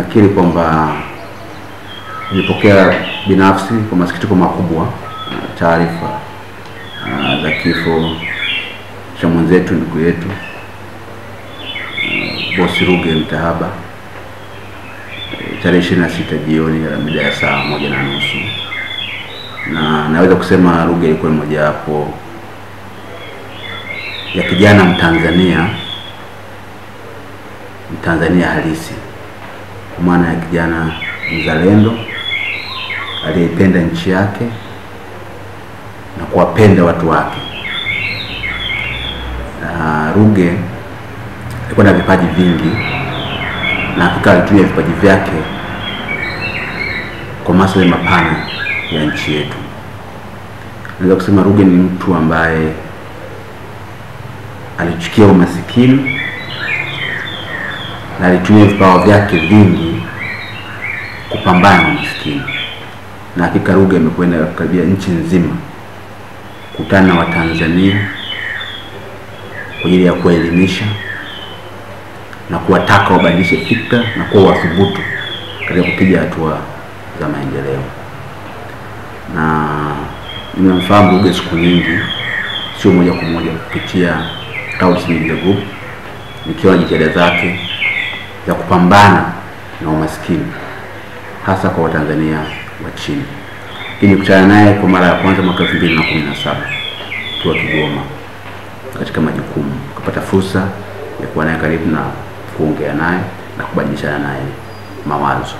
nakiri kwamba nilipokea binafsi kwa masikitiko makubwa uh, taarifa uh, za kifo cha mwenzetu ndugu yetu uh, Bosi Ruge mtahaba eh, tarehe ishirini na sita jioni ya mida ya saa moja na nusu, na naweza kusema Ruge ilikuwa mojawapo ya kijana Mtanzania Mtanzania halisi maana ya kijana mzalendo aliyeipenda nchi yake na kuwapenda watu wake. Na Ruge alikuwa na vipaji vingi, na hakika alitumia vipaji vyake kwa maslahi mapana ya nchi yetu. Naweza kusema Ruge ni mtu ambaye alichukia umasikini na alitumia vipawa vyake vingi kupambana na umaskini, na hakika Ruge amekwenda karibia nchi nzima kukutana na Watanzania kwa ajili ya kuwaelimisha na kuwataka wabadilishe fikra na kuwa wathubutu katika kupiga hatua za maendeleo. Na nimemfahamu Ruge siku nyingi, sio moja kwa moja kupitia Tausi Media Group, nikiwa jitihada zake za kupambana na umaskini hasa kwa Watanzania wa chini. Nilikutana naye kwa mara ya kwanza mwaka 2017 tuwa Kigoma katika majukumu, kupata fursa ya kuwa naye karibu na kuongea naye na kubadilishana naye mawazo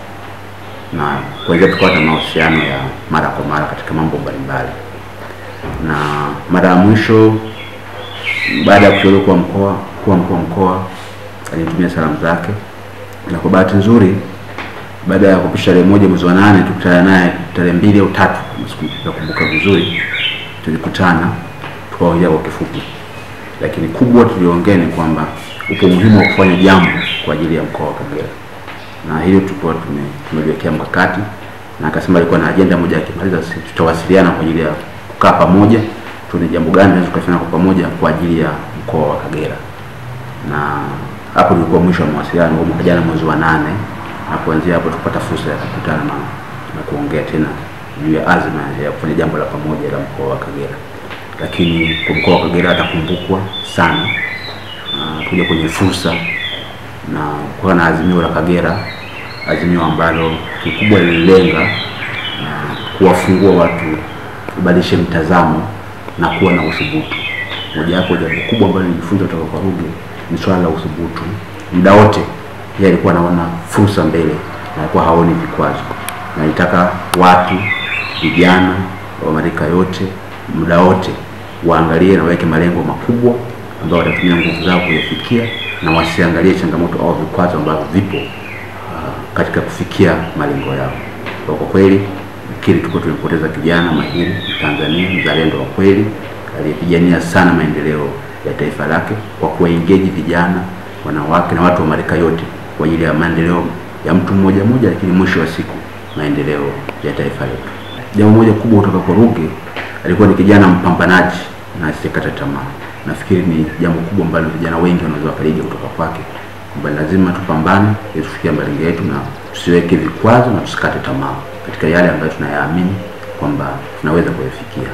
na kuanzia tukawa na mahusiano ya mara kwa mara katika mambo mbalimbali, na mara ya mwisho baada ya kuteuliwa kuwa mkoa kuwa mkuu wa mkoa alinitumia salamu zake, na kwa bahati nzuri baada ya kupisha tarehe moja mwezi wa nane tukutana naye tarehe mbili au tatu, nakumbuka vizuri, tulikutana tukaongea kwa kifupi, lakini kubwa tuliongea ni kwamba upo muhimu wa kufanya jambo kwa ajili ya mkoa wa Kagera, na hiyo tulikuwa tumeliwekea mkakati, na akasema alikuwa na ajenda moja, akimaliza tutawasiliana kwa ajili ya kukaa pamoja, tuone jambo gani tunaweza kufanya kwa pamoja kwa ajili ya mkoa wa Kagera, na hapo ilikuwa mwisho wa mawasiliano mwaka jana mwezi wa nane na kuanzia hapo tukapata fursa ya kukutana na, na kuongea tena juu ya azma ya kufanya jambo la pamoja la mkoa wa Kagera. Lakini kwa mkoa wa Kagera atakumbukwa sana kuja kwenye fursa na kuwa na azimio la Kagera, azimio ambalo kikubwa lililenga kuwafungua watu, kubadilisha mtazamo na kuwa na uthubutu. Mojawapo jambo kubwa ambalo nilijifunza kutoka kwa Ruge ni swala la uthubutu muda wote yeye alikuwa anaona fursa mbele na alikuwa haoni vikwazo. Na nitaka watu vijana wa marika yote muda wote waangalie na waweke malengo makubwa ambayo watatumia nguvu zao kuyafikia na wasiangalie changamoto au vikwazo ambavyo vipo uh, katika kufikia malengo yao. Kwa kweli nafikiri tuko tumepoteza kijana mahiri Tanzania, mzalendo wa kweli aliyepigania sana maendeleo ya taifa lake kwa kuengage vijana, wanawake na watu wa marika yote kwa ajili ya maendeleo ya mtu mmoja mmoja, lakini mwisho wa siku maendeleo ya taifa letu. Jambo moja kubwa kutoka kwa Ruge, alikuwa ni kijana mpambanaji na asikata tamaa. Nafikiri ni jambo kubwa ambalo vijana wengi wanaweza wakaliga kutoka kwake, kwamba lazima tupambane ili tufikie malengo yetu na tusiweke vikwazo na tusikate tamaa katika yale ambayo tunayaamini kwamba tunaweza kuyafikia.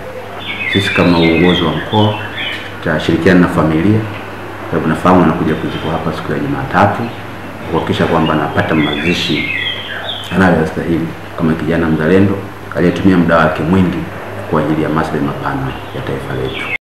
Sisi kama uongozi wa mkoa tutashirikiana na familia, sababu nafahamu wanakuja kuzikwa hapa siku ya Jumatatu kuhakikisha kwamba anapata mazishi anayostahili kama kijana mzalendo aliyetumia muda wake mwingi kwa ajili ya maslahi mapana ya taifa letu.